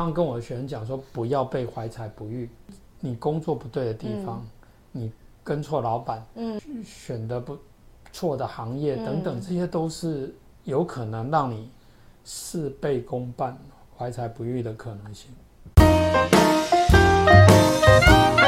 常跟我的學生講說，不要被懷才不遇。你工作不對的地方，嗯、你跟錯老板，嗯，選的不錯的行業等等，嗯、這些都是有可能讓你事倍功半、懷才不遇的可能性。嗯嗯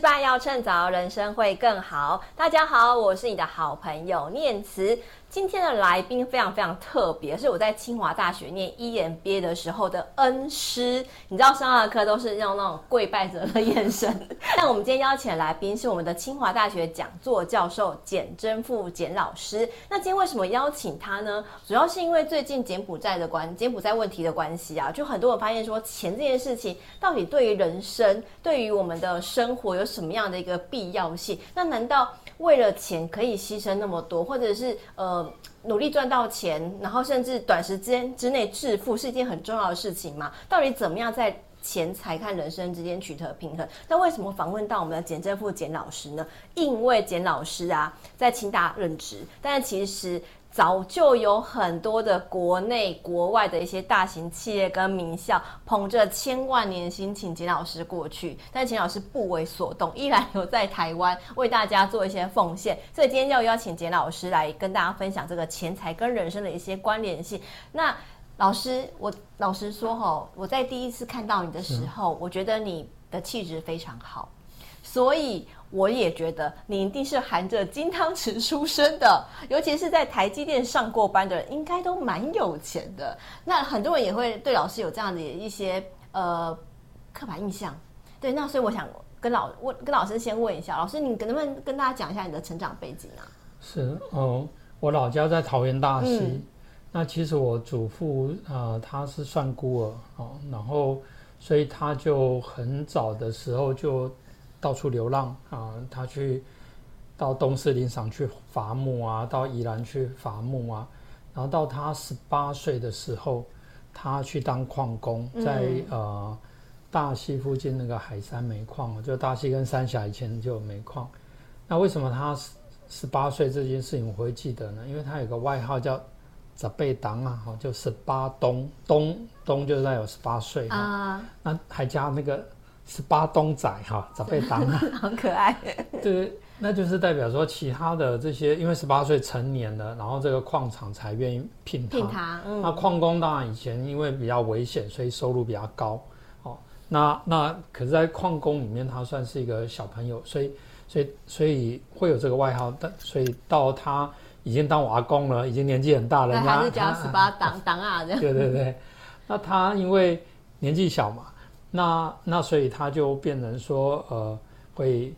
失敗要趁早，人生會更好。大家好，我是你的好朋友念慈。今天的來賓非常非常特別，是我在清華大學念 EMBA 的時候的恩師。你知道上二課都是用那種跪拜者的眼神。那 我們今天邀請的來賓是我們的清華大學講座教授簡禎富簡老師。那今天為什麼邀請他呢？主要是因為最近柬埔寨的關柬埔寨問題的關係啊，就很多人發現說錢這件事情到底對於人生、對於我們的生活有什麼樣的一個必要性？那難道？為了錢可以犧牲那麼多，或者是呃努力賺到錢，然後甚至短時間之內致富是一件很重要的事情嘛？到底怎麼樣在錢財看人生之間取得平衡？那為什麼訪問到我們的簡禎富簡老師呢？因為簡老師啊在清大任職，但其實。早就有很多的國內、國外的一些大型企業跟名校捧着千萬年薪請簡老師過去，但簡老師不為所動，依然留在台灣為大家做一些奉獻。所以今天要邀請簡老師來跟大家分享這個錢財跟人生的一些關聯性。那老師，我老實說哈、哦，我在第一次看到你的時候，是我覺得你的氣質非常好，所以。我也覺得你一定是含着金湯匙出生的，尤其是在台積電上過班的人，應該都蠻有錢的。那很多人也會對老師有這樣的一些呃刻板印象。對，那所以我想跟老問跟老師先問一下，老師你能不能跟大家講一下你的成長背景啊？是哦，我老家在桃園大溪。嗯，那其實我祖父啊，呃，他是算孤兒哦，然後所以他就很早的時候就。到處流浪啊、呃，他去到東四林場去伐木啊，到宜蘭去伐木啊。然後到他十八歲的時候，他去當礦工，在、嗯、呃大溪附近那個海山煤礦，就大溪跟三峽以前就有煤礦。那為什麼他十八歲這件事情我會記得呢？因為他有個外號叫“澤貝黨”啊，就十八東東東就是代表十八歲啊，那還加那個。哦、是十八冬仔哈，長輩當啊，很可愛。對，那就是代表說其他的這些，因為十八歲成年了，然後這個礦場才願意聘他。聘他，嗯、那礦工當然以前因為比較危險，所以收入比較高。哦，那那可是，在礦工裡面他算是一個小朋友，所以所以所以會有這個外號。但所以到他已經當瓦工了，已經年紀很大，了。對家還是叫十八當當啊這樣。對對對， 那他因為年紀小嘛。那那所以他就變成說，呃，會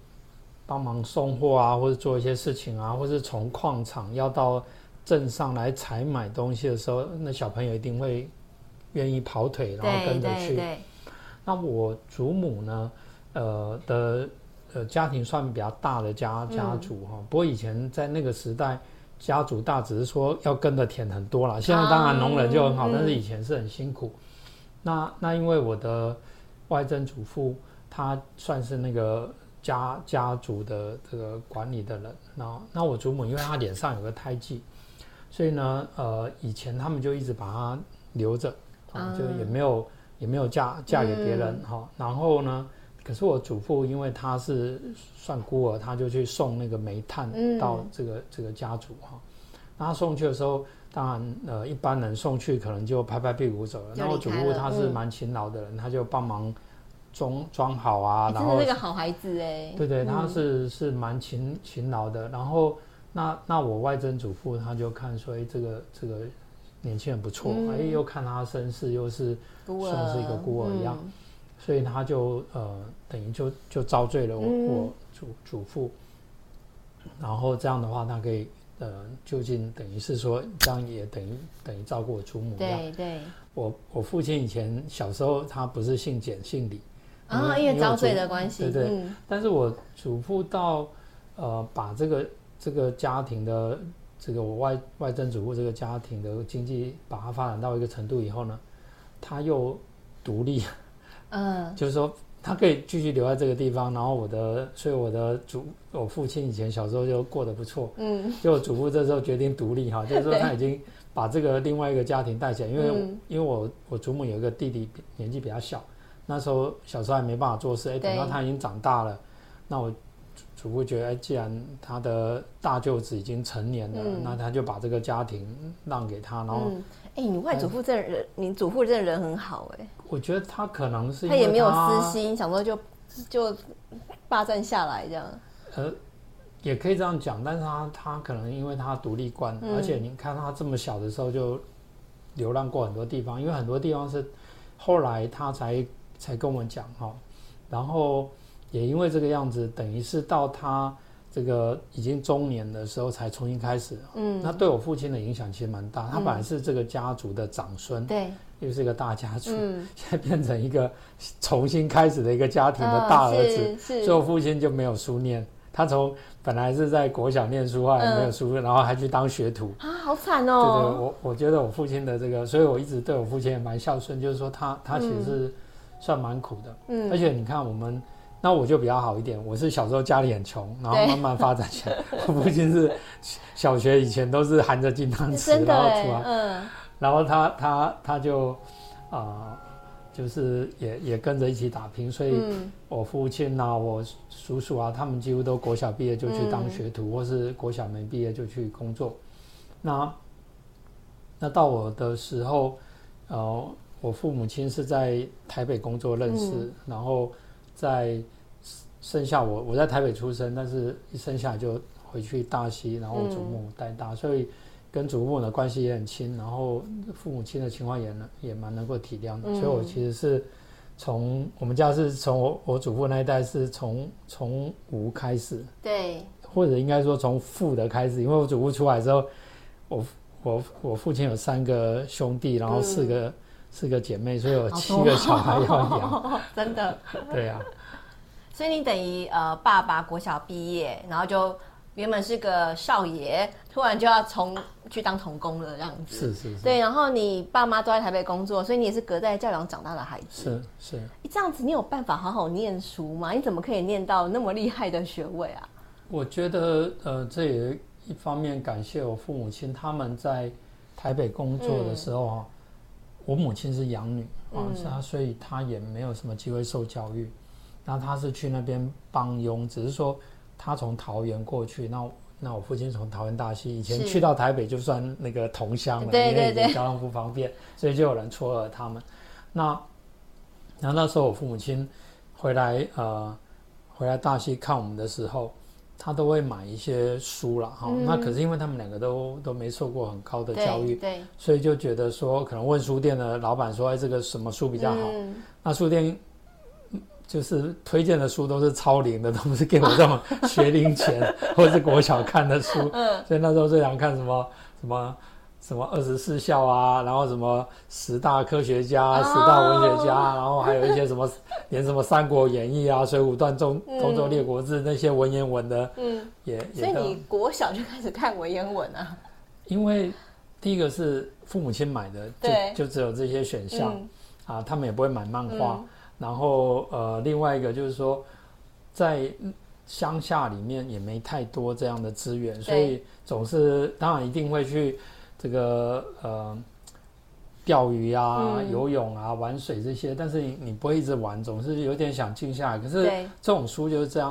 幫忙送貨啊，或者做一些事情啊，或是從礦場要到鎮上來採買東西的時候，那小朋友一定會願意跑腿，然後跟着去。對對對。那我祖母呢，呃的呃家庭算比較大的家家族哈、哦，嗯、不過以前在那個時代，家族大只是說要跟著田很多啦，現在當然農人就很好，啊嗯、但是以前是很辛苦。嗯、那那因為我的。外曾祖父，他算是那個家家族的這個管理的人。然後，那我祖母，因為她臉上有個胎記，嗯、所以呢，呃，以前他們就一直把她留着、嗯啊，就也沒有也沒有嫁嫁給別人哈、嗯啊。然後呢，可是我祖父，因為他是算孤兒，他就去送那個煤炭到這個、嗯、這個家族哈。啊他送去的時候，當然呃，一般人送去可能就拍拍屁股走了。那我祖父他是蠻勤勞的人，嗯、他就幫忙裝裝好啊。誒然後真的是個好孩子哎、欸。對對，嗯、他是是蠻勤勤勞的。然後那那我外曾祖父他就看說，哎，這個、這個、這個年輕人不錯，嗯、哎，又看他身世又是算是一個孤兒,兒一樣，嗯、所以他就呃，等於就就招贅了。我我祖祖父，嗯、然後這樣的話，他可以。呃，究竟等於是說，這樣也等於等於照顧我祖母對對，對我我父親以前小時候他不是姓簡，姓李啊，哦、有因為遭罪的關係。對對，嗯、但是我祖父到呃，把這個這個家庭的這個我外外曾祖父這個家庭的經濟，把它發展到一個程度以後呢，他又獨立，嗯，就是說。他可以繼續留在這個地方，然後我的，所以我的祖，我父親以前小時候就過得不錯，嗯，就祖父這時候決定獨立哈，就是說他已經把這個另外一個家庭帶起來，因為、嗯、因為我我祖母有一個弟弟年紀比較小，那時候小時候還沒辦法做事，哎，等到他已經長大了，對那我祖父覺得，哎，既然他的大舅子已經成年了，嗯、那他就把這個家庭讓給他，然後。嗯哎、欸，你外祖父這人，呃、你祖父這人很好，哎、欸。我覺得他可能是他，他也沒有私心，他想說就就霸占下來這樣。呃，也可以這樣講，但是他他可能因為他獨立觀，嗯、而且你看他這麼小的時候就流浪過很多地方，因為很多地方是後來他才才跟我們講哈、喔，然後也因為這個樣子，等於是到他。這個已經中年的時候才重新開始，嗯，那對我父親的影響其實蠻大。嗯、他本來是這個家族的長孫，對、嗯，又是一個大家族，嗯、現在變成一個重新開始的一個家庭的大兒子，所以我父親就沒有書念。他從本來是在國小念書啊，沒有書念，嗯、然後還去當學徒啊，好慘哦。對對，我我覺得我父親的這個，所以我一直對我父親也蠻孝順，就是說他他其實是算蠻苦的，嗯，而且你看我們。那我就比較好一點。我是小時候家裡很窮，然後慢慢發展起來。對 我父親是小學以前都是含着金湯匙然後出來，嗯、然後他他他就啊、呃，就是也也跟着一起打拼。所以我父親啊，我叔叔啊，他們幾乎都國小畢業就去當學徒，嗯、或是國小沒畢業就去工作。那那到我的時候，呃，我父母親是在台北工作認識，嗯、然後。在生下我，我在台北出生，但是一生下就回去大溪，然後我祖母帶大，嗯、所以跟祖母的關係也很親。然後父母親的情況也能也蠻能夠體諒的，嗯、所以我其實是從我們家是從我我祖父那一代是從從無開始，對，或者應該說從父的開始，因為我祖父出來之後，我我我父親有三個兄弟，然後四個。嗯四個姐妹，所以我七個小孩要養， 真的。 對啊，所以你等於呃，爸爸國小畢業，然後就原本是個少爺，突然就要從去當童工了這樣子。是是是。對，然後你爸媽都在台北工作，所以你也是隔代教養長大的孩子。是是。這樣子，你有辦法好好念書嗎？你怎麼可以念到那麼厲害的學位啊？我覺得呃，這也一方面感謝我父母親，他們在台北工作的時候啊。嗯我母親是養女啊，所以她也沒有什麼機會受教育。那、嗯、她是去那邊幫傭，只是說她從桃園過去。那我那我父親從桃園大溪以前去到台北就算那個同鄉了，是因為交通不方便，對對對，所以就有人撮合他們。那然後那時候我父母親回來呃回來大溪看我們的時候。他都會買一些書了哈，哦嗯、那可是因為他們兩個都都沒受過很高的教育，所以就覺得說可能問書店的老板說、哎、這個什麼書比較好，嗯、那書店就是推薦的書都是超齡的，都不是給我這種學齡前 或者是國小看的書， 嗯、所以那時候最想看什麼什麼。什麼二十四孝啊，然後什麼十大科學家、oh, 十大文學家，然後還有一些什麼，連什麼《三國演義》啊、 水《水滸傳》、《中東周列國志》那些文言文的，嗯，也也。也所以你國小就開始看文言文啊，因為第一個是父母親買的，對就就只有這些選項、嗯、啊，他們也不會買漫畫。嗯、然後呃，另外一個就是說，在鄉下裡面也沒太多這樣的資源，對所以總是當然一定會去。這個呃，釣魚啊，嗯、游泳啊，玩水這些，但是你你不會一直玩，總是有點想靜下來。可是這種書就是這樣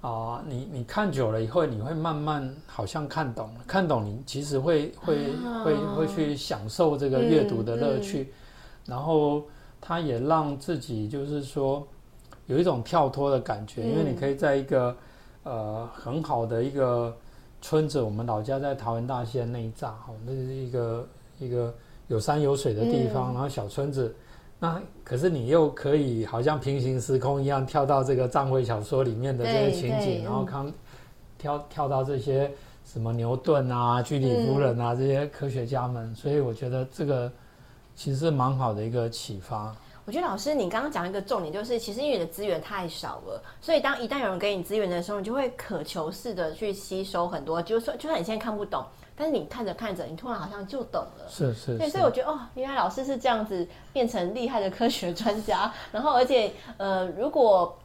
啊對、呃，你你看久了以後，你會慢慢好像看懂了，看懂你其實會會、啊、會會去享受這個閱讀的樂趣，嗯、然後它也讓自己就是說有一種跳脫的感覺，嗯、因為你可以在一個呃很好的一個。村子，我們老家在桃園大溪的那一站。好，那是一個一個有山有水的地方，嗯、然後小村子，那可是你又可以好像平行時空一樣跳到這個章回小說裡面的這些情景，嗯、然後看跳跳到這些什麼牛頓啊、居里夫人啊、嗯、這些科學家們，所以我覺得這個其實是蠻好的一個啟發。我覺得老師，你剛剛講一個重點，就是其實因為你的資源太少了，所以當一旦有人給你資源的時候，你就會渴求似的去吸收很多。就算就算你現在看不懂，但是你看着看着，你突然好像就懂了。是是，是，對，所以我覺得哦，原來老師是這樣子變成厲害的科學專家。然後而且呃，如果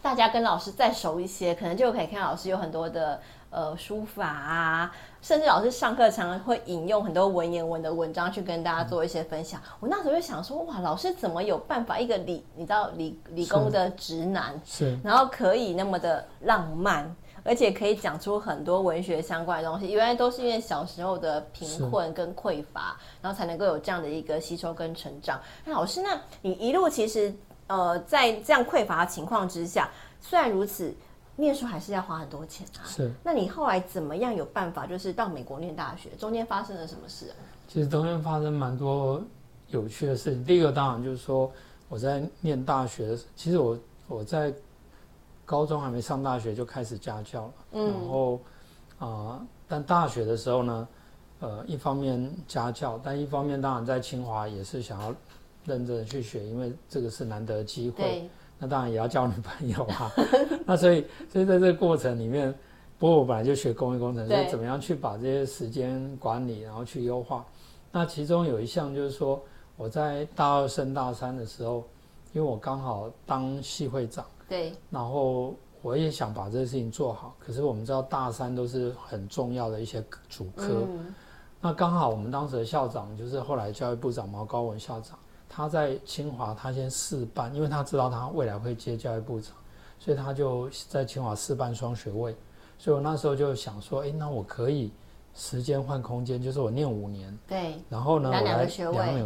大家跟老師再熟一些，可能就可以看老師有很多的。呃，書法啊，甚至老師上課常常會引用很多文言文的文章去跟大家做一些分享。嗯、我那時候就想說，哇，老師怎麼有辦法？一個理，你知道，理理工的直男，是、嗯，然後可以那麼的浪漫，嗯、而且可以講出很多文學相關的東西。原來都是因為小時候的貧困跟匱乏，嗯、然後才能夠有這樣的一個吸收跟成長。那老師，那你一路其實，呃，在這樣匱乏的情況之下，雖然如此。念書還是要花很多錢啊。是，那你後來怎麼樣有辦法？就是到美國念大學，中間發生了什麼事？其實中間發生蠻多有趣的事情。第一個當然就是說，我在念大學的時候，其實我我在高中還沒上大學就開始家教了。嗯。然後啊、呃，但大學的時候呢，呃，一方面家教，但一方面當然在清華也是想要認真的去學，因為這個是難得機會。對。那當然也要交女朋友啊， 那所以所以在這個過程裡面，不過我本來就學工業工程，對所以怎麼樣去把這些時間管理，然後去優化。那其中有一項就是說，我在大二升大三的時候，因為我剛好當系會長，對，然後我也想把這些事情做好。可是我們知道大三都是很重要的一些主科，嗯，那剛好我們當時的校長就是後來教育部長毛高文校長。他在清華，他先試辦，因為他知道他未來會接教育部長，所以他就在清華試辦雙學位。所以我那時候就想說，哎、欸，那我可以時間換空間，就是我念五年，對，然後呢，拿兩個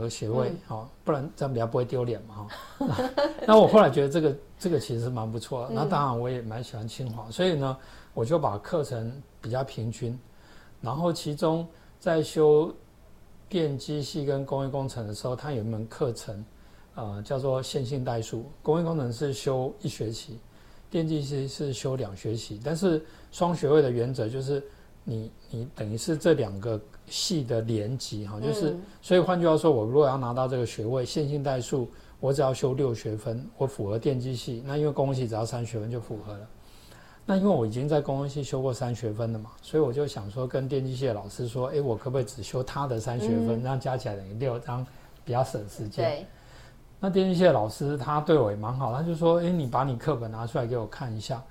學位，好、嗯哦，不然這樣比較不會丟臉嘛。哦、 那我後來覺得這個這個其實蠻不錯的，那當然我也蠻喜歡清華，嗯、所以呢，我就把課程比較平均，然後其中在修。電機系跟工業工程的時候，它有一門課程，啊、呃，叫做線性代數。工業工程是修一學期，電機系是修兩學期。但是雙學位的原則就是你，你你等於是這兩個系的聯集哈，就是。嗯、所以換句話說，我如果要拿到這個學位，線性代數我只要修六學分，我符合電機系，那因為工業系只要三學分就符合了。那因為我已經在工工系修過三學分了嘛，所以我就想說跟電機系的老師說，哎，我可不可以只修他的三學分，那樣、嗯、加起來等於六張，比較省時間。對。那電機系的老師他對我也蠻好，他就說，哎，你把你課本拿出來給我看一下，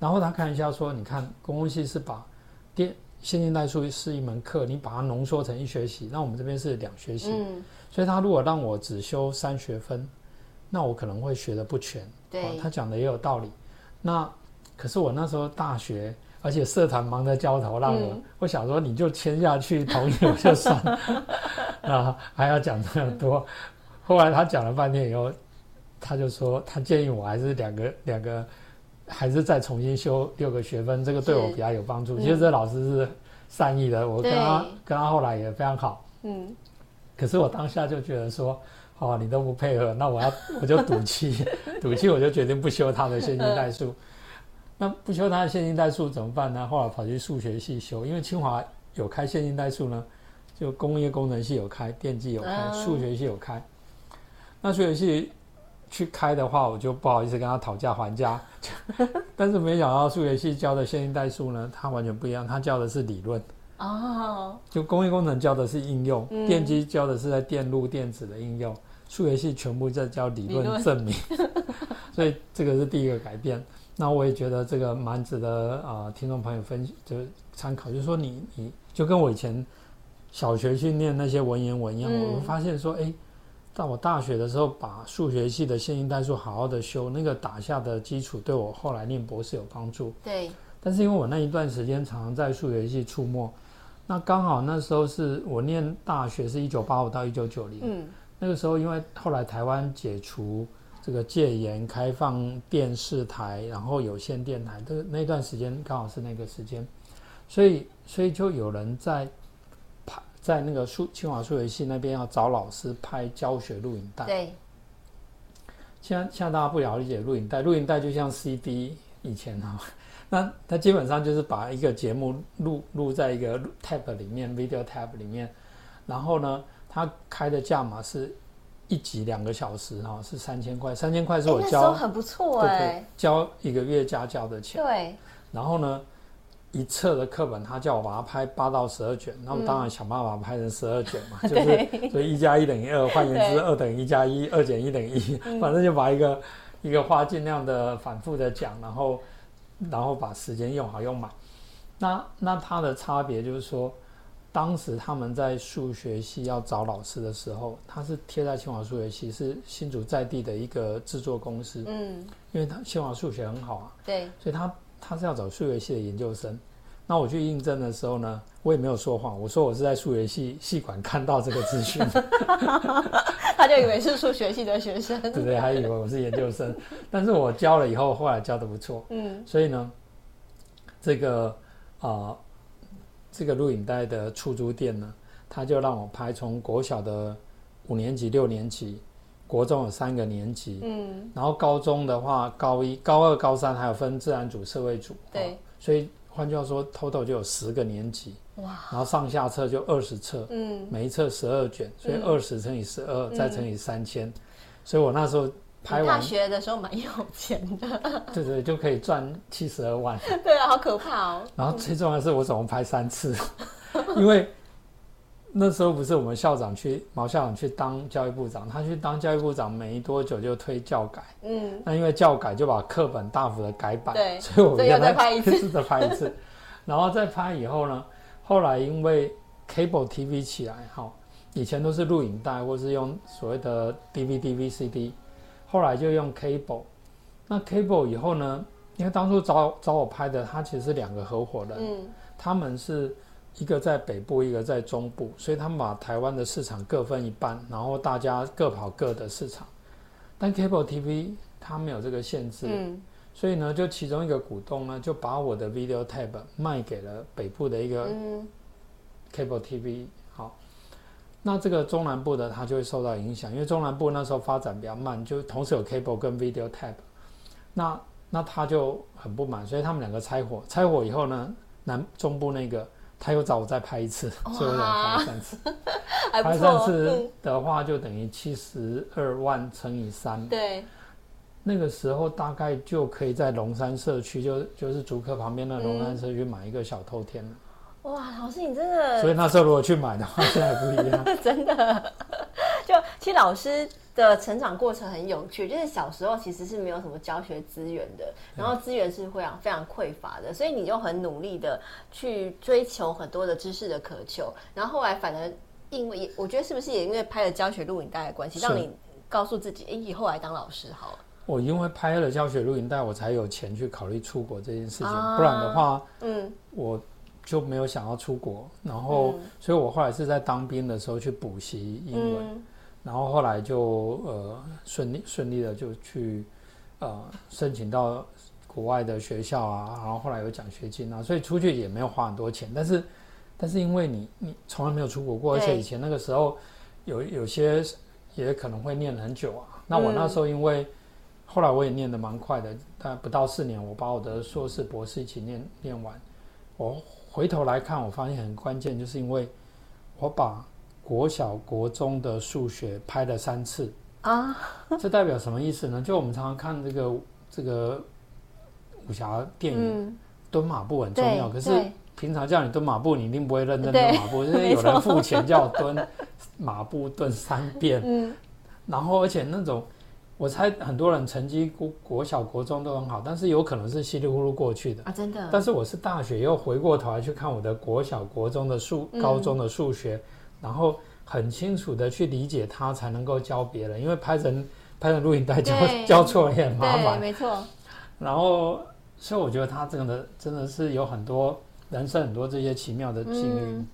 然後他看一下說，你看工工系是把電，線性代數是一門課，你把它濃縮成一學期，那我們這邊是兩學期，嗯，所以他如果讓我只修三學分，那我可能會學得不全。對、啊。他講的也有道理。那。可是我那時候大學，而且社團忙得焦頭爛額，嗯、我想說你就簽下去同意我就算了 啊，還要講這麼多。嗯、後來他講了半天以後，他就說他建議我還是兩個兩個，兩個還是再重新修六個學分，這個對我比較有幫助。嗯、其實這老師是善意的，我跟他對跟他後來也非常好。嗯。可是我當下就覺得說哦，你都不配合，那我要我就賭氣，賭氣 我就決定不修他的線性代數。那不修它的線性代數怎麼辦呢？後來跑去數學系修，因為清華有開線性代數呢，就工業工程系有開，電機有開，數、嗯、學系有開。那數學系去開的話，我就不好意思跟他討價還價。但是沒想到數學系教的線性代數呢，它完全不一樣，他教的是理論。哦。就工業工程教的是應用，電機教的是在電路電子的應用，數、嗯、學系全部在教理論證明。理論 所以這個是第一個改變。那我也覺得這個蠻值得啊，呃，聽眾朋友分就參考，就是說你你就跟我以前小學去念那些文言文一樣，嗯，我會發現說，哎，到我大學的時候把數學系的線性代數好好的修，那個打下的基礎對我後來念博士有幫助。對。但是因為我那一段時間常常在數學系出沒，那剛好那時候是我念大學，是一九八五到一九九零，嗯，那個時候因為後來台灣解除這個戒嚴，開放電視台，然後有線電台的，的那段時間剛好是那個時間，所以所以就有人在拍，在那個數清華數學系那邊要找老師拍教學錄影帶。對。現在現在大家不了解錄影帶，錄影帶就像 CD 以前啊，那它基本上就是把一個節目錄錄在一個 tape 裡面，video tape 裡面，然後呢，它開的價碼是。一集兩個小時哈是三千塊，三千塊是我交，很不錯對、欸，交一個月家教的錢。對。然後呢，一冊的課本，他叫我把它拍八到十二卷，那、嗯、我當然想辦法拍成十二卷嘛，嗯、就是 對所以一加一等於二，2, 換言之二等於一加一，二減一等於一，1, 對 1, 反正就把一個、嗯、一個話儘量的反覆的講，然後然後把時間用好用滿。那那它的差別就是說。當時他們在數學系要找老師的時候，他是貼在清華數學系，是新竹在地的一個製作公司，嗯，因為他清華數學很好啊，對，所以他他是要找數學系的研究生。那我去應徵的時候呢，我也沒有說謊，我說我是在數學系系館看到這個資訊， 他就以為是數學系的學生，對 對？還以為我是研究生， 但是我教了以後，後來教的不錯，嗯，所以呢，這個啊。呃這個錄影帶的出租店呢，他就讓我拍從國小的五年級、六年級，國中有三個年級，嗯，然後高中的話，高一、高二、高三還有分自然組、社會組，對、哦，所以換句話說，total 就有十個年級，哇，然後上下冊就二十冊，嗯，每一冊十二卷，所以二十乘以十二、嗯、再乘以三千、嗯，所以我那時候。拍完大學的時候蠻有錢的， 對對，就可以賺七十二萬。 對啊，好可怕哦！然後最重要的是，我總共拍三次， 因為那時候不是我們校長去毛校長去當教育部長，他去當教育部長沒多久就推教改，嗯，那因為教改就把課本大幅的改版， 對，所以我們要再拍一次，再拍一次， 然後再拍以後呢，後來因為 cable TV 起來哈，以前都是錄影帶或是用所謂的 DVD VCD。後來就用 Cable，那 Cable 以後呢？因為當初找找我拍的，他其實是兩個合夥人，嗯、他們是一個在北部，一個在中部，所以他們把台灣的市場各分一半，然後大家各跑各的市場。但 Cable TV 它沒有這個限制，嗯、所以呢，就其中一個股東呢，就把我的 Video Tape 賣給了北部的一個 Cable TV。那這個中南部的他就會受到影響，因為中南部那時候發展比較慢，就同時有 cable 跟 videotape，那那他就很不滿，所以他們兩個拆夥，拆夥以後呢，南中部那個他又找我再拍一次，所以兩拍三次，拍三次的話就等於七十二萬乘以三，對，那個時候大概就可以在龍山社區就，就就是竹科旁邊的龍山社區買一個小透天了。嗯哇，老師，你真的。所以那時候如果去買的話，真的不一樣， 真的。就其實老師的成長過程很有趣，就是小時候其實是沒有什麼教學資源的，然後資源是非常非常匱乏的，所以你就很努力的去追求很多的知識的渴求。然後後來反而因為我覺得是不是也因為拍了教學錄影帶的關係，是讓你告訴自己，哎、欸，以後來當老師好了。我因為拍了教學錄影帶，嗯、我才有錢去考慮出國這件事情，啊、不然的話，嗯，我。就沒有想要出國，然後，嗯、所以我後來是在當兵的時候去補習英文，嗯、然後後來就呃順利順利的就去呃申請到國外的學校啊，然後後來有獎學金啊，所以出去也沒有花很多錢，但是但是因為你你從來沒有出國過，嗯、而且以前那個時候有有些也可能會念很久啊，那我那時候因為、嗯、後來我也念的蠻快的，但不到四年我把我的碩士博士一起念念完，我。回頭來看，我發現很關鍵，就是因為我把國小、國中的數學拍了三次啊，這代表什麼意思呢？就我們常常看這個這個武俠電影，嗯、蹲馬步很重要，對可是平常叫你蹲馬步，你一定不會認真蹲馬步，對因為有人付錢叫我蹲馬步對蹲三遍，沒錯 然後而且那種。我猜很多人成績國國小國中都很好，但是有可能是稀裡糊塗過去的啊，真的。但是我是大學又回過頭來去看我的國小國中的數、嗯、高中的數學，然後很清楚的去理解它，才能夠教別人。因為拍成拍成錄影帶教教對錯也很麻煩，沒錯。然後，所以我覺得他真的真的是有很多人生很多這些奇妙的經歷。嗯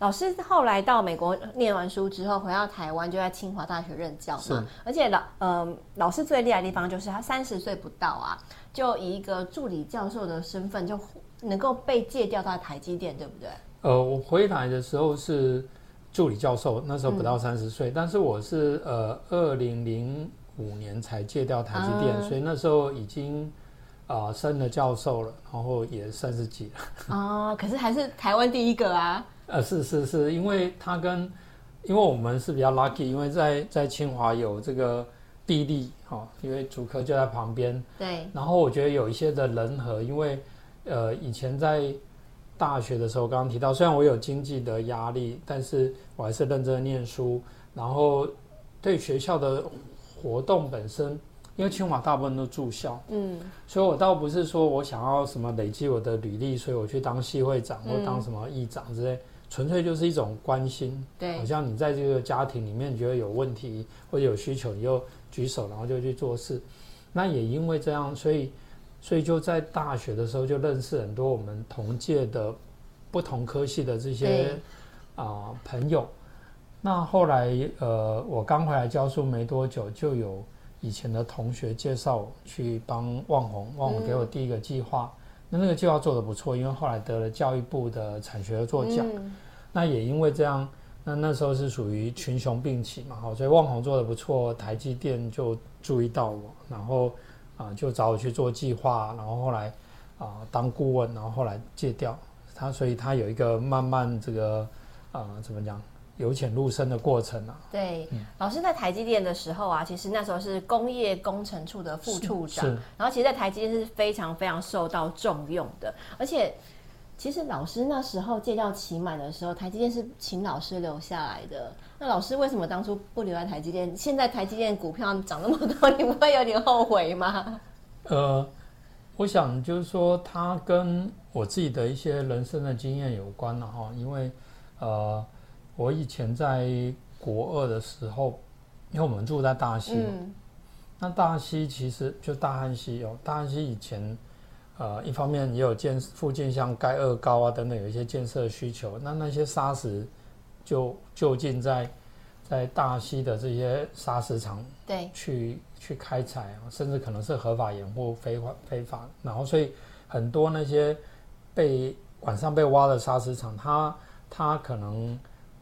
老師後來到美國念完書之後，回到台灣就在清華大學任教嘛。是。而且老，呃老師最厲害的地方就是他三十歲不到啊，就以一個助理教授的身份就能夠被借調到台積電，對不對？呃，我回來的時候是助理教授，那時候不到三十歲，嗯、但是我是呃二零零五年才借調台積電，嗯、所以那時候已經啊、呃、升了教授了，然後也三十幾了。 啊，可是還是台灣第一個啊。呃，是是是，因為他跟，因為我們是比較 lucky，因為在在清華有這個地利哈，哦，因為竹科就在旁邊。對。然後我覺得有一些的人和，因為呃，以前在大學的時候，剛剛提到，雖然我有經濟的壓力，但是我還是認真念書。然後對學校的活動本身，因為清華大部分都住校，嗯，所以我倒不是說我想要什麼累積我的履歷，所以我去當系會長或當什麼議長之類。嗯純粹就是一種關心，對，好像你在這個家庭裡面覺得有問題或者有需求，你就舉手，然後就去做事。那也因為這樣，所以，所以就在大學的時候就認識很多我們同屆的、不同科系的這些啊對、呃、朋友。那後來呃，我剛回來教書沒多久，就有以前的同學介紹我去幫旺宏，旺宏給我第一個計劃。嗯那那個計劃做得不錯，因為後來得了教育部的產學的作獎。嗯、那也因為這樣，那那時候是屬於群雄並起嘛，所以旺宏做的不錯，台積電就注意到我，然後啊、呃、就找我去做計劃，然後後來啊、呃、當顧問，然後後來借調他，所以他有一個慢慢這個啊、呃、怎麼講？由淺入深的過程啊。對，嗯、老師在台積電的時候啊，其實那時候是工業工程處的副處長，然後其實，在台積電是非常非常受到重用的。而且，其實老師那時候借調期滿的時候，台積電是請老師留下來的。那老師為什麼當初不留在台積電？現在台積電股票漲那麼多，你不會有點後悔嗎？呃，我想就是說，它跟我自己的一些人生的經驗有關了、啊、哈，因為呃。我以前在國二的時候，因為我們住在大溪、喔，嗯、那大溪其實就大漢溪哦，大漢溪以前、呃，一方面也有建附近像蓋二高啊等等，有一些建設需求，那那些砂石就就近在在大溪的這些砂石場，對，去去開採、喔，甚至可能是合法掩護非法非法，然後所以很多那些被晚上被挖的砂石場它它可能，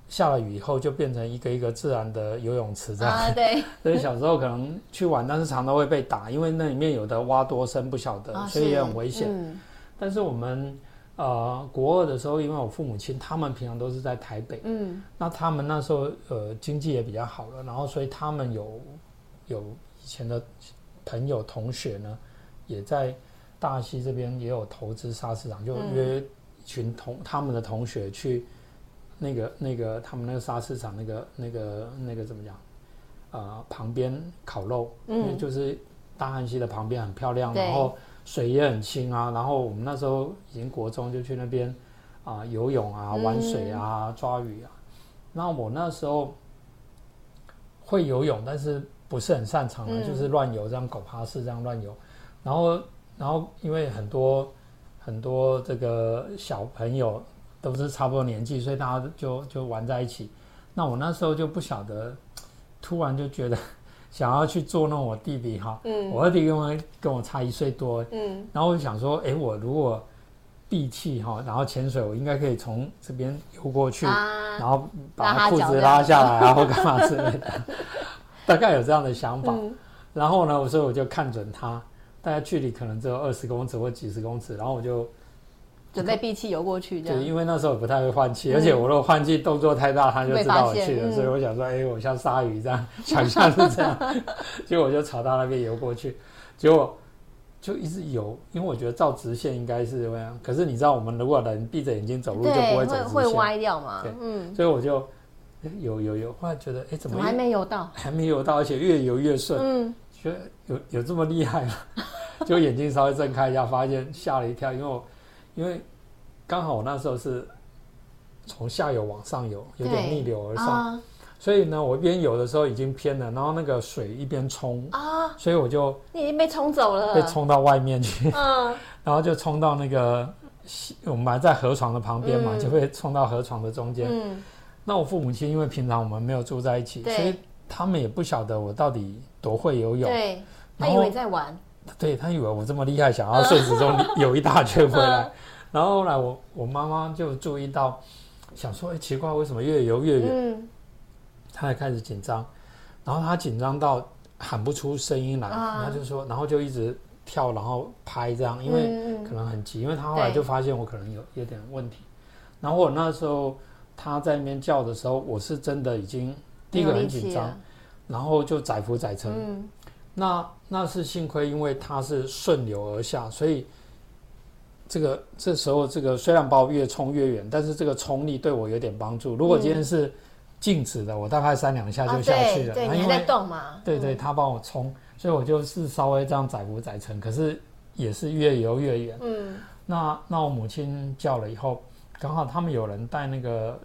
下了雨以後就變成一個一個自然的游泳池在、啊、對。 所以小時候可能去玩，但是常常都會被打，因為那裡面有的挖多深不曉得，啊、所以也很危險。啊是嗯、但是我們呃國二的時候，因為我父母親他們平常都是在台北，嗯，那他們那時候呃經濟也比較好了，然後所以他們有有以前的朋友同學呢，也在大溪這邊也有投資沙市場，就約一群同他們的同學去。那個、那個，他們那個沙石場，那個、那個、那個怎麼講？啊、呃，旁邊烤肉，嗯，因為就是大漢溪的旁邊很漂亮，嗯，然後水也很清啊。對然後我們那時候已經國中，就去那邊啊、呃、游泳啊、嗯、玩水啊、抓魚啊。那我那時候會游泳，但是不是很擅長啊，嗯、就是亂游，這樣狗爬式這樣亂游。然後，然後因為很多很多這個小朋友。都是差不多年紀，所以大家就就玩在一起。那我那時候就不曉得，突然就覺得想要去作弄我弟弟哈，嗯、我弟弟因為跟我差一歲多，嗯，然後我就想說，哎、欸，我如果閉氣哈，然後潛水，我應該可以從這邊游過去，啊、然後把他褲子拉下來，那個、然後幹嘛之類的， 大概有這樣的想法。嗯、然後呢，所以我就看準他，大概距離可能只有二十公尺或幾十公尺，然後我就。準備閉氣游過去，對，因為那時候不太會換氣，嗯、而且我如果換氣動作太大，他就知道我去了，嗯、所以我想說，哎、欸，我像鯊魚這樣，想象是這樣， 結果我就朝他那邊游過去，結果就一直游，因為我覺得照直線應該是這樣，可是你知道，我們如果人閉着眼睛走路，就不會走直線，對會，會歪掉嘛，對嗯，所以我就游游游，後來覺得，哎、欸，怎麼，怎麼還沒游到？還沒游到，而且越游越順，嗯，覺得有有這麼厲害嗎？就 眼睛稍微睜開一下，發現嚇了一跳，因為我。因為剛好我那時候是從下游往上游，對有點逆流而上，啊、所以呢，我一邊游的時候已經偏了，然後那個水一邊沖，啊、所以我就你已經被沖走了，被沖到外面去，然後就沖到那個我們埋在河床的旁邊嘛，嗯、就被沖到河床的中間。嗯、那我父母親因為平常我們沒有住在一起，對所以他們也不曉得我到底多會游泳，對後他以為在玩。對他以為我這麼厲害，想要順時鐘游一大圈回來， 然後後來我我媽媽就注意到，想說哎奇怪為什麼越游越遠，她才、嗯、開始緊張，然後她緊張到喊不出聲音來，她、啊、就說然後就一直跳然後拍這樣，因為可能很急，嗯、因為她後來就發現我可能有有點問題，對然後我那時候她在那邊叫的時候，我是真的已經第一個很緊張，嗯啊、然後就載浮載沉，嗯、那。那是幸虧，因為它是順流而下，所以這個這時候這個雖然把我越衝越遠，但是這個衝力對我有點幫助。如果今天是靜止的，我大概三兩下就下去了。嗯啊、對，因為你還在動嘛。對對，他幫我衝，所以我就是稍微這樣載浮載沉。可是也是越游越遠。嗯，那那我母親叫了以後。剛好他們有人帶那個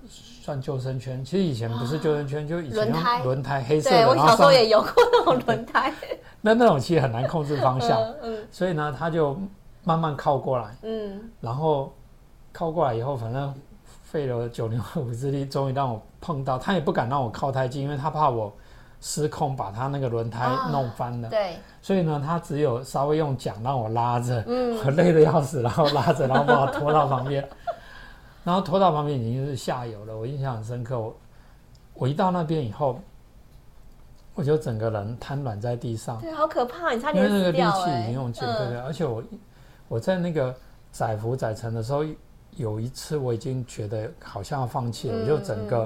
算救生圈，其實以前不是救生圈，啊、就以前用輪胎，輪胎黑色的。對，我小時候也有過那種輪胎。 那那種其實很難控制方向，嗯，嗯，所以呢，他就慢慢靠過來，嗯，然後靠過來以後，反正費了九牛二虎之力，終於讓我碰到。他也不敢讓我靠太近，因為他怕我失控，把他那個輪胎弄翻了。啊、對，所以呢，他只有稍微用槳讓我拉着，嗯，我累的要死，然後拉着，然後把我拖到旁邊。 然後拖到旁邊已經是下游了，我印象很深刻。我我一到那邊以後，我就整個人癱軟在地上，對，好可怕，你差點死掉，因為那個力氣已經用盡了，嗯、而且我我在那個載浮載沉的時候，有一次我已經覺得好像要放棄了，嗯、我就整個、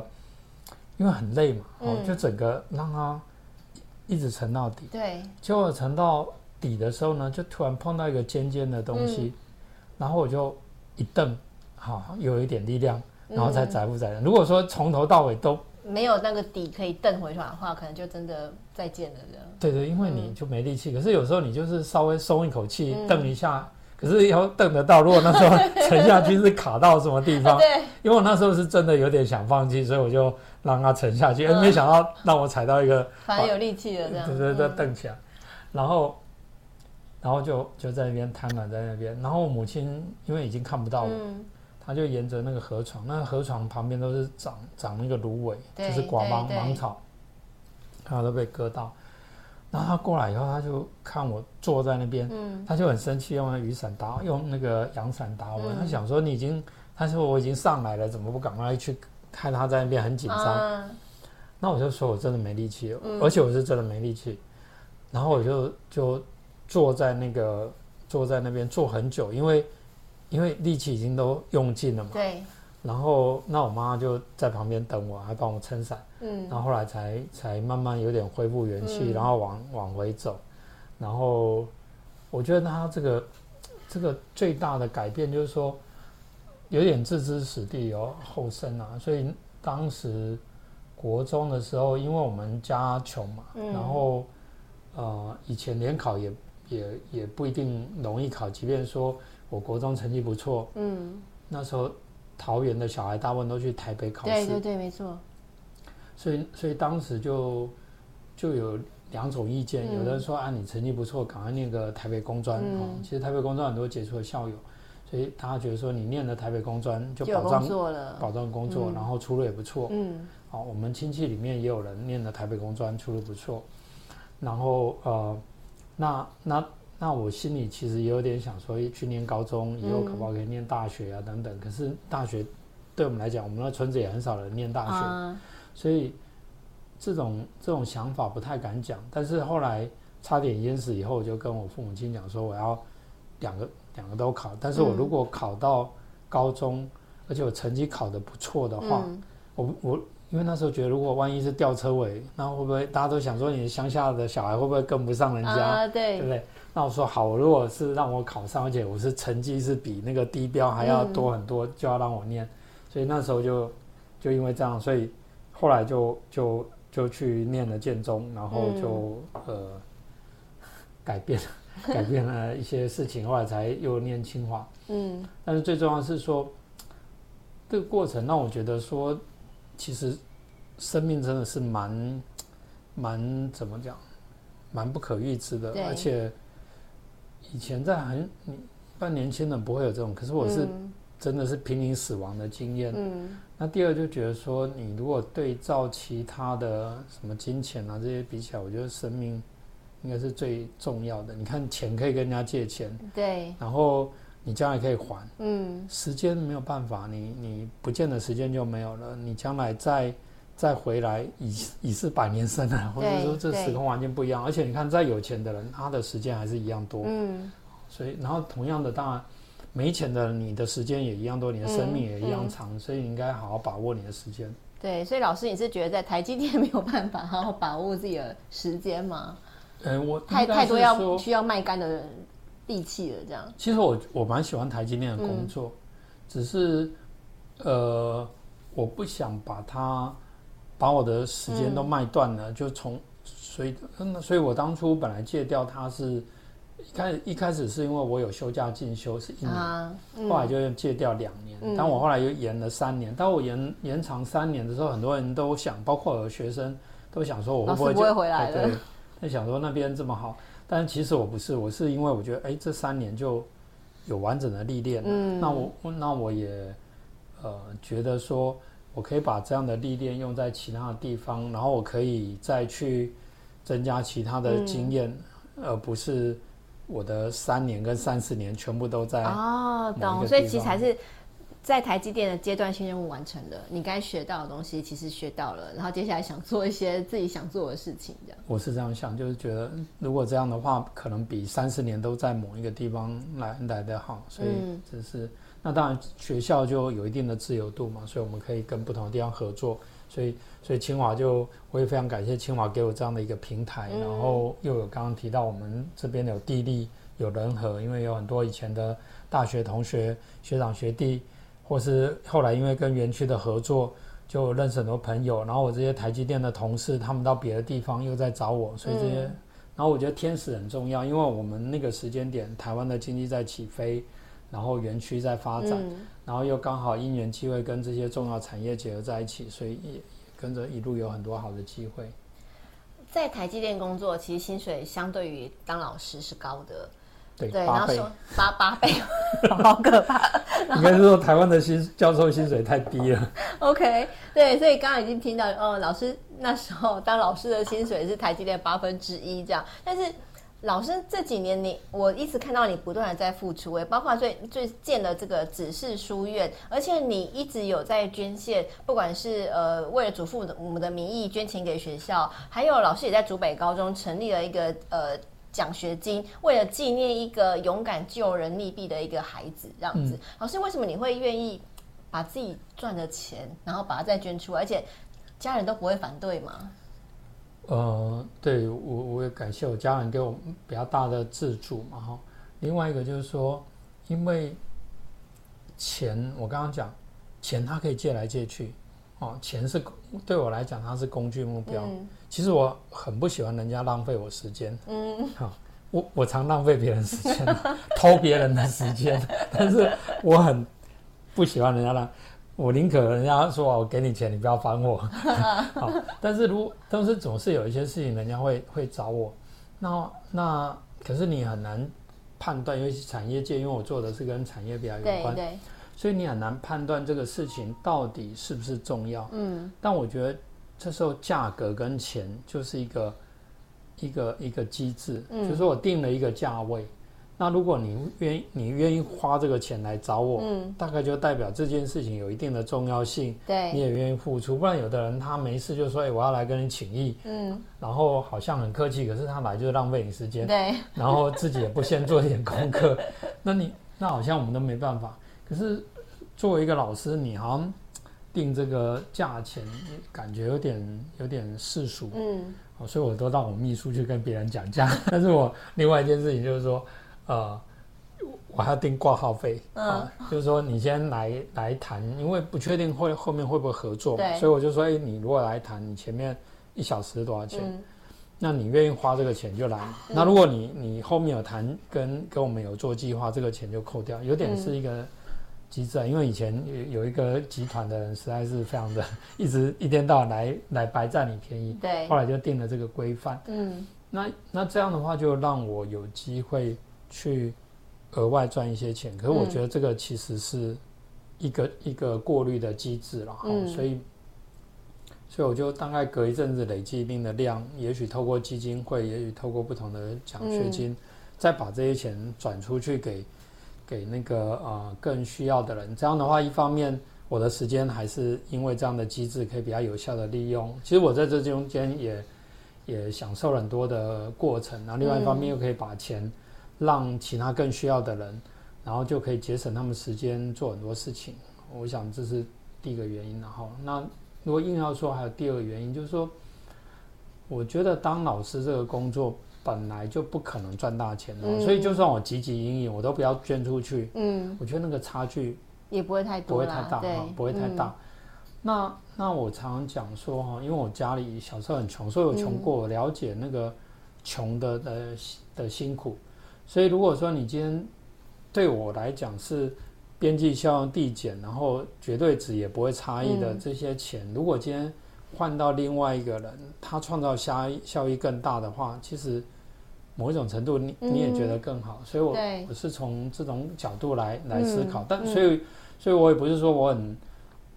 嗯、因為很累嘛，哦、嗯，我就整個讓它一直沉到底。對，結果沉到底的時候呢，就突然碰到一個尖尖的東西，嗯、然後我就一蹬。好，有一點力量，然後才載不載人。嗯、如果說從頭到尾都沒有那個底可以蹬回來的話，可能就真的再見了這樣。對，對，因為你就沒力氣。嗯、可是有時候你就是稍微鬆一口氣，嗯、蹬一下。可是以後蹬得到，如果那時候沉下去是卡到什麼地方？ 對。因為我那時候是真的有點想放棄，所以我就讓他沉下去、嗯。沒想到讓我踩到一個，反正有力氣的。這樣。對對對，嗯、蹬起來，然後，然後就就在那邊癱軟在那邊。然後母親因為已經看不到了。嗯他就沿着那個河床，那河床旁邊都是長長那個蘆葦，對就是菅芒芒草，然後都被割到。然後他過來以後，他就看我坐在那邊，嗯、他就很生氣，用那雨傘打，嗯、用那個陽傘打我。嗯、他想說你已經，他說我已經上來了，怎麼不趕快去？看他在那邊很緊張。嗯、那我就說，我真的沒力氣，而且我是真的沒力氣。嗯、然後我就就坐在那個坐在那邊坐很久，因為。因為力氣已經都用盡了嘛，對。然後那我媽就在旁邊等我，還幫我撐傘。嗯。然後後來才才慢慢有點恢復元氣，嗯、然後往往回走。然後我覺得他這個這個最大的改變就是說，有點置之死地、哦，有後生啊。所以當時國中的時候，因為我們家窮嘛，嗯、然後呃以前聯考也也也不一定容易考，即便說。我國中成績不錯，嗯，那時候桃園的小孩大部分都去台北考試，對對對，沒錯。所以所以當時就就有兩種意見，嗯、有的人說啊，你成績不錯，趕快念個台北工專、嗯嗯。其實台北工專很多傑出的校友，所以大家覺得說你念了台北工專就保障工作，保障工作，然後出路也不錯。嗯。哦、啊，我們親戚裡面也有人念了台北工專，出路不錯。然後呃，那那。那我心裡其實也有點想說，去念高中以後可不可以念大學啊？嗯、等等。可是大學，對我們來講，我們那村子也很少人念大學，啊、所以這種這種想法不太敢講。但是後來差點淹死以後，我就跟我父母親講說，我要兩個兩個都考。但是我如果考到高中，嗯、而且我成績考得不錯的話，我、嗯、我。我因為那時候覺得，如果萬一是吊車尾，那會不會大家都想說，你鄉下的小孩會不會跟不上人家？啊、對，對不對？那我說好，如果是讓我考上，而且我是成績是比那個低標還要多很多，嗯、就要讓我念。所以那時候就就因為這樣，所以後來就就就去念了建中，然後就、嗯、呃改變了改變了一些事情， 後來才又念清華。嗯，但是最重要的是說這個過程讓我覺得說，其實。生命真的是蠻，蠻怎麼講，蠻不可預知的。對而且以前在很一般年輕人不會有這種，可是我是真的是瀕臨死亡的經驗。嗯，那第二就覺得說，你如果對照其他的什麼金錢啊這些比起來，我覺得生命應該是最重要的。你看錢可以跟人家借錢，對，然後你將來可以還。嗯，時間沒有辦法，你你不見得時間就沒有了。你將來在再回來已已是百年身了，或者說這時空完全不一樣。而且你看，再有錢的人，他的時間還是一樣多。嗯，所以然後同樣的，當然沒錢的人，你的時間也一樣多，你的生命也一樣長，嗯嗯、所以你應該好好把握你的時間。對，所以老師，你是覺得在台積電沒有辦法好好把握自己的時間嗎？欸、我太太多要需要賣干的力氣了，這樣。其實我我蠻喜歡台積電的工作，嗯、只是呃，我不想把它。把我的時間都賣斷了，嗯、就從所以，所以我當初本來借調，它是，一開始一開始是因為我有休假進修是一年，啊，嗯、後來就借調兩年，嗯、但我後來又延了三年。當我延延長三年的時候，很多人都想，包括我的學生，都想說我會不會，不會回來，哎？對，他想說那邊這麼好，但其實我不是，我是因為我覺得，哎、欸，這三年就有完整的歷練、嗯、那我那我也呃，覺得說。我可以把這樣的歷練用在其他的地方，然後我可以再去增加其他的經驗，嗯，而不是我的三年跟三十年全部都在哦，懂。所以其實還是在台積電的階段性任務完成了，你該學到的東西其實學到了，然後接下來想做一些自己想做的事情這樣，我是這樣想，就是覺得如果這樣的話，可能比三十年都在某一個地方來來的好，所以只是。嗯那當然，學校就有一定的自由度嘛，所以我們可以跟不同的地方合作。所以，所以清華就我也非常感謝清華給我這樣的一個平台，嗯、然後又有剛剛提到我們這邊有地利、有人和，因為有很多以前的大學同學、學長學弟，或是後來因為跟園區的合作，就認識很多朋友。然後我這些台積電的同事，他們到別的地方又在找我，所以這些。嗯、然後我覺得天時很重要，因為我們那個時間點，台灣的經濟在起飛。然後園區在發展，嗯、然後又剛好因緣機會跟這些重要產業結合在一起，所以也跟着一路有很多好的機會。在台積電工作，其實薪水相對於當老師是高的，對，對，然後說八八倍，好可怕！應該是說台灣的薪 後教授薪水太低了。OK，對，所以剛剛已經聽到，哦老師那時候當老師的薪水是台積電八分之一這樣，但是。老師這幾年你，你我一直看到你不斷的在付出，哎，包括最最建的這個只是書院，而且你一直有在捐獻，不管是呃為了祖父母的名義捐錢給學校，還有老師也在竹北高中成立了一個呃獎學金，為了紀念一個勇敢救人溺斃的一個孩子，這樣子。嗯、老師，為什麼你會願意把自己賺的錢，然後把它再捐出來，而且家人都不會反對嗎？呃，對我，我也感謝我家人給我比較大的資助嘛哈。另外一個就是說，因為錢，我剛剛講錢它可以借來借去，哦，錢是對我來講它是工具目標。嗯、其實我很不喜歡人家浪費我時間，嗯，好、哦，我我常浪費別人時間， 偷別人的時間，但是我很不喜歡人家浪。我寧可人家說，我給你錢，你不要煩我。 好，但是如果但是總是有一些事情，人家會會找我。那那可是你很難判斷，尤其是產業界，因為我做的是跟產業比較有關，對對。所以你很難判斷這個事情到底是不是重要。嗯。但我覺得這時候價格跟錢就是一個一個一個機制，嗯、就是說我定了一個價位。那如果你願意你願意花這個錢來找我，嗯，大概就代表這件事情有一定的重要性，對、嗯，你也願意付出。不然有的人他沒事就說，哎、欸，我要來跟你請益，嗯，然後好像很客氣，可是他來就是浪費你時間，對、嗯，然後自己也不先做一點功課，對 那你那好像我們都沒辦法。可是作為一個老師，你好像定這個價錢，感覺有點有點世俗，嗯，所以我都讓我秘書去跟別人講價。但是我另外一件事情就是說。呃，我還要定掛號費啊，呃嗯、就是說你先來來談，因為不確定會後面會不會合作，對所以我就說，哎、欸，你如果來談，你前面一小時多少錢？嗯、那你願意花這個錢就來。嗯、那如果你你後面有談跟跟我們有做計劃，這個錢就扣掉，有點是一個機制，嗯、因為以前有有一個集團的人實在是非常的，一直一天到晚來來白佔你便宜，對，後來就定了這個規範。嗯，那那這樣的話就讓我有機會去額外賺一些錢，可是我覺得這個其實是一個、嗯、一個過濾的機制，然後所以、嗯、所以我就大概隔一陣子累積一定的量，也許透過基金會，也許透過不同的獎學金，嗯、再把這些錢轉出去給給那個呃更需要的人。這樣的話，一方面我的時間還是因為這樣的機制可以比較有效的利用，其實我在這中間也也享受了很多的過程，然後另外一方面又可以把錢。嗯讓其他更需要的人，然後就可以節省他們時間做很多事情。我想這是第一個原因。然後，那如果硬要說還有第二個原因，就是說，我覺得當老師這個工作本來就不可能賺大錢的，嗯、所以就算我汲汲營營，我都不要捐出去。嗯，我覺得那個差距也不會太多，不會太大對。不會太大，不會太大。那那我常常講說哈，因為我家裡小時候很窮，所以我窮過，嗯、我了解那個窮的的的辛苦。所以，如果說你今天對我來講是邊際效用遞減，然後絕對值也不會差異的這些錢，嗯、如果今天換到另外一個人，他創造效益更大的話，其實某一種程度你你也覺得更好。嗯、所以我，我對我是從這種角度來來思考。嗯、但所以，所以我也不是說我很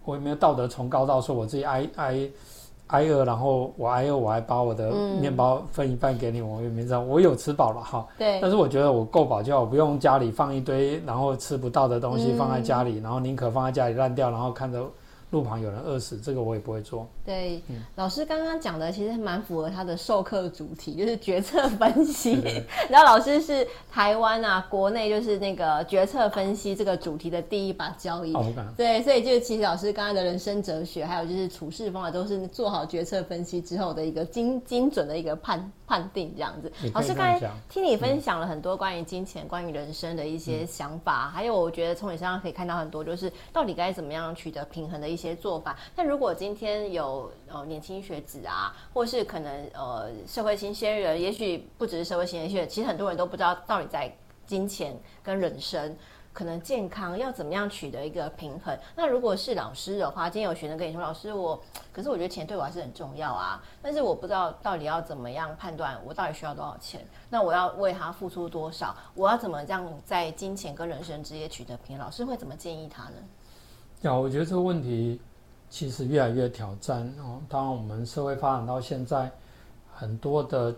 我也沒有道德崇高到說我自己挨挨。挨餓，然後我挨餓，我還把我的麵包分一半給你，嗯、我也沒知道我有吃飽了哈，對但是我覺得我夠飽就好，我不用家裡放一堆然後吃不到的東西放在家裡，嗯、然後寧可放在家裡爛掉，然後看着。路旁有人餓死，這個我也不會做。對，嗯、老師剛剛講的其實蠻符合他的授課主題，就是決策分析。 對對對，然後老師是台灣啊，國內就是那個決策分析這個主題的第一把交椅。Oh, 對，所以就是其實老師剛剛的人生哲學，還有就是處事方法，都是做好決策分析之後的一個精精準的一個判判定這樣子，老師剛才聽你分享了很多關於金錢、嗯、關於人生的一些想法，嗯、還有我覺得從你身上可以看到很多，就是到底該怎麼樣取得平衡的一些做法。但如果今天有呃年輕學子啊，或是可能呃社會新鮮人，也許不只是社會新鮮人，其實很多人都不知道到底在金錢跟人生，可能健康要怎麼樣取得一個平衡？那如果是老師的話，今天有學生跟你說：“老師我，我可是我覺得錢對我還是很重要啊，但是我不知道到底要怎麼樣判斷我到底需要多少錢，那我要為他付出多少？我要怎麼樣在金錢跟人生之間取得平衡？”老師會怎麼建議他呢？我覺得這個問題其實越來越挑戰哦。當然，我們社會發展到現在，很多的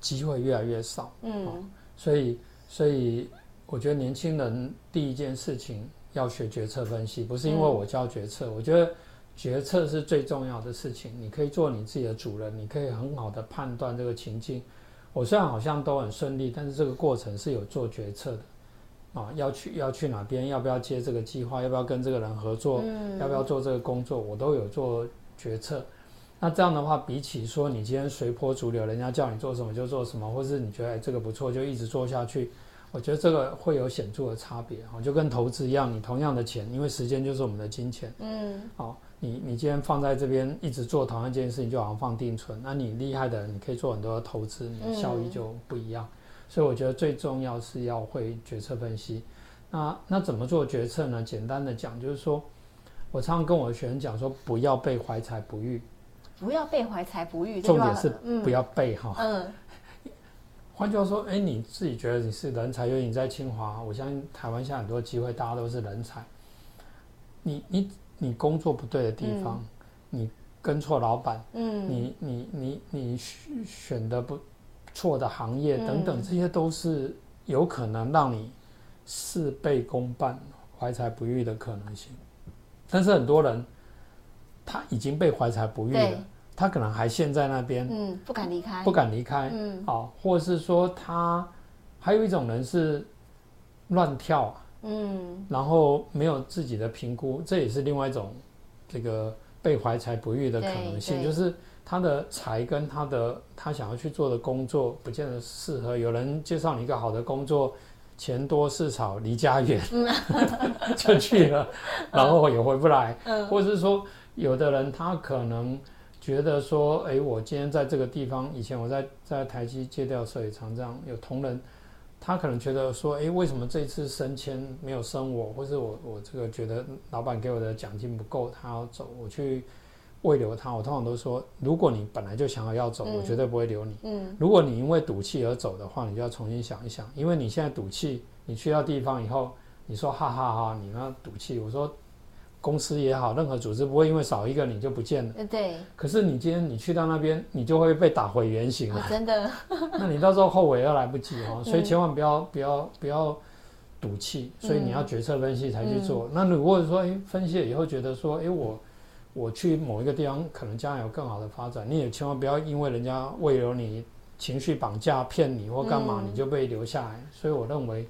機會越來越少。嗯、哦，所以，所以。我覺得年輕人第一件事情要學決策分析，不是因為我教決策，嗯、我覺得決策是最重要的事情。你可以做你自己的主人，你可以很好的判斷這個情境。我雖然好像都很順利，但是這個過程是有做決策的。啊，要去要去哪邊？要不要接這個計劃？要不要跟這個人合作？嗯、要不要做這個工作？我都有做決策。那這樣的話，比起說你今天隨波逐流，人家叫你做什麼就做什麼，或是你覺得哎這個不錯就一直做下去。我覺得這個會有顯著的差別哈、哦，就跟投資一樣，你同樣的錢，因為時間就是我們的金錢，嗯，好、哦，你你今天放在這邊一直做同樣一件事情，就好像放定存，那、啊、你厲害的人，你可以做很多的投資，你的效益就不一樣。嗯、所以我覺得最重要是要會決策分析。那那怎麼做決策呢？簡單的講，就是說，我常常跟我的學生講說，不要被懷才不遇，不要被懷才不遇，重點是不要背、嗯、哈，嗯。換句話說，哎、欸，你自己覺得你是人才，因為你在清華。我相信台灣現在很多機會，大家都是人才。你你你工作不對的地方，嗯、你跟錯老闆，嗯，你你你你選的不錯的行業等等，嗯、這些都是有可能讓你事倍功半、懷才不遇的可能性。但是很多人他已經被懷才不遇了。他可能還陷在那邊，嗯，不敢離開，不敢離開，嗯、啊、哦，或者是說他還有一種人是亂跳、啊，嗯，然後沒有自己的評估，這也是另外一種這個被懷才不遇的可能性，就是他的才跟他的他想要去做的工作不見得適合。有人介紹你一個好的工作，錢多事少，離家遠，嗯、 就去了，嗯、然後也回不來，嗯，或者是說有的人他可能。覺得說，哎、欸，我今天在這個地方，以前我在在台積借調設廠這樣有同仁，他可能覺得說，哎、欸，為什麼這次升遷沒有升我，或是我我這個覺得老闆給我的獎金不夠，他要走，我去慰留他。我通常都說，如果你本來就想要要走，嗯、我絕對不會留你。嗯，如果你因為賭氣而走的話，你就要重新想一想，因為你現在賭氣，你去到地方以後，你說哈哈哈哈，你那賭氣，我說。公司也好，任何組織不會因為少一個你就不見了。對。可是你今天你去到那邊，你就會被打回原形了，啊。真的。 那你到時候後悔又來不及哦，嗯、所以千萬不要、不要、不要賭氣，嗯、所以你要決策分析才去做。嗯、那如果說哎、欸，分析了以後覺得說，欸、我我去某一個地方可能將來有更好的發展，你也千萬不要因為人家為了你情緒綁架、騙你或幹嘛，嗯、你就被留下來。所以我認為。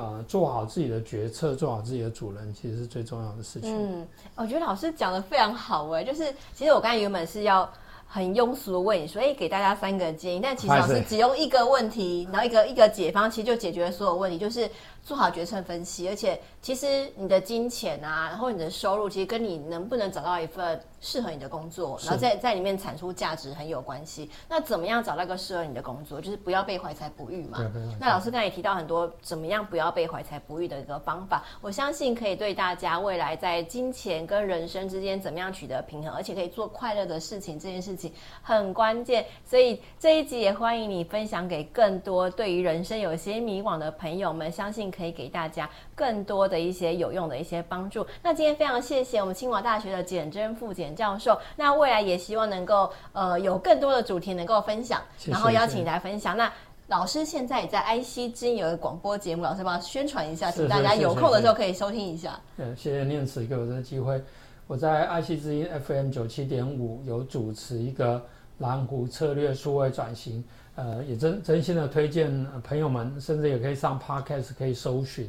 呃，做好自己的決策，做好自己的主人，其實是最重要的事情。嗯，我覺得老師講的非常好，哎，就是其實我剛才原本是要很庸俗的問你，所以給大家三個建議，但其實老師只用一個問題，然後一個一個解方，其實就解決了所有問題，就是。做好決策分析，而且其實你的金錢啊，然後你的收入，其實跟你能不能找到一份適合你的工作，是然後在在裡面產出價值很有關係。那怎麼樣找到一個適合你的工作，就是不要被懷才不遇嘛。對，那老師剛才也提到很多，怎麼樣不要被懷才不遇的一個方法，我相信可以對大家未來在金錢跟人生之間怎麼樣取得平衡，而且可以做快樂的事情這件事情很關鍵。所以這一集也歡迎你分享給更多對於人生有些迷惘的朋友們，相信。可以給大家更多的一些有用的一些幫助。那今天非常謝謝我們清華大學的簡禎富簡教授。那未來也希望能夠呃有更多的主題能夠分享，然後邀請你來分享。謝謝。那老師現在也在 IC 之音有一個廣播節目，老師幫我宣傳一下，請大家有空的時候可以收聽一下。呃，謝謝念慈給我這個機會。我在 IC 之音 FM 九七點五有主持一個藍湖策略數位轉型。呃，也真真心的推薦朋友們，甚至也可以上 Podcast 可以搜尋，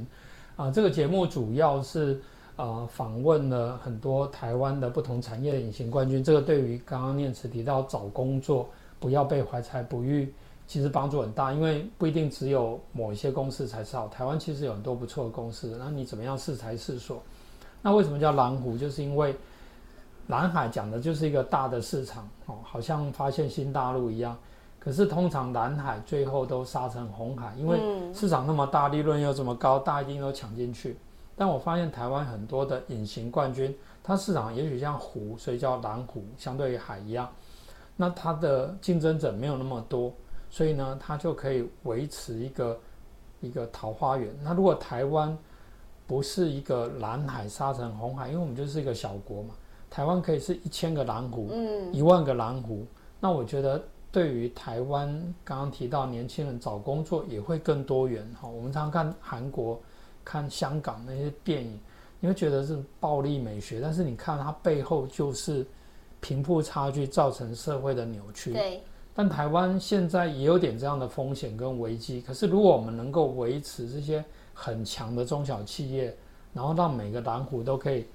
啊、呃，這個節目主要是呃訪問了很多台灣的不同產業的隱形冠軍，這個對於剛剛念慈提到找工作不要被懷才不遇，其實幫助很大，因為不一定只有某一些公司才是好，台灣其實有很多不錯的公司，那你怎麼樣適才適所？那為什麼叫藍湖？就是因為藍海講的就是一個大的市場哦，好像發現新大陸一樣。可是通常藍海最後都殺成紅海，因為市場那麼大，利潤又這麼高，大一定都搶進去。但我發現台灣很多的隱形冠軍，它市場也許像湖，所以叫藍湖，相對於海一樣。那它的競爭者沒有那麼多，所以呢，它就可以維持一個一個桃花源。那如果台灣不是一個藍海殺成紅海，因為我們就是一個小國嘛，台灣可以是一千個藍湖，一萬個藍湖。那我覺得。對於台灣，剛剛提到年輕人找工作也會更多元哈，我們常常看韓國、看香港那些電影，你會覺得是暴力美學，但是你看它背後就是貧富差距造成社會的扭曲。對。但台灣現在也有點這樣的風險跟危機，可是如果我們能夠維持這些很強的中小企業，然後讓每個藍湖都可以。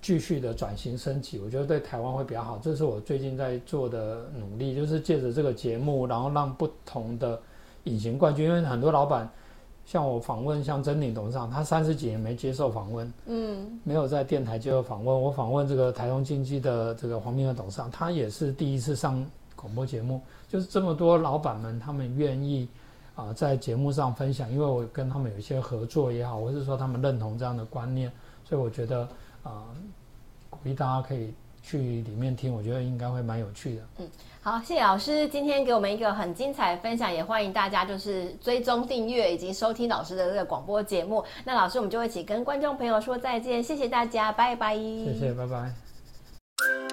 繼續的轉型升級，我覺得對台灣會比較好。這是我最近在做的努力，就是借着這個節目，然後讓不同的隱形冠軍，因為很多老板像我訪問，像真寧董事長，他三十幾年沒接受訪問，嗯，沒有在電台接受訪問。我訪問這個台中經濟的這個黃明和董事長，他也是第一次上廣播節目。就是這麼多老板們，他們願意啊、呃，在節目上分享，因為我跟他們有一些合作也好，或是說他們認同這樣的觀念，所以我覺得。啊、呃，鼓勵大家可以去裡面聽，我覺得應該會蠻有趣的。嗯，好，謝謝老師今天給我們一個很精彩的分享，也歡迎大家就是追蹤訂閱以及收聽老師的這個廣播節目。那老師，我們就一起跟觀眾朋友說再見，謝謝大家，拜拜，謝謝，拜拜。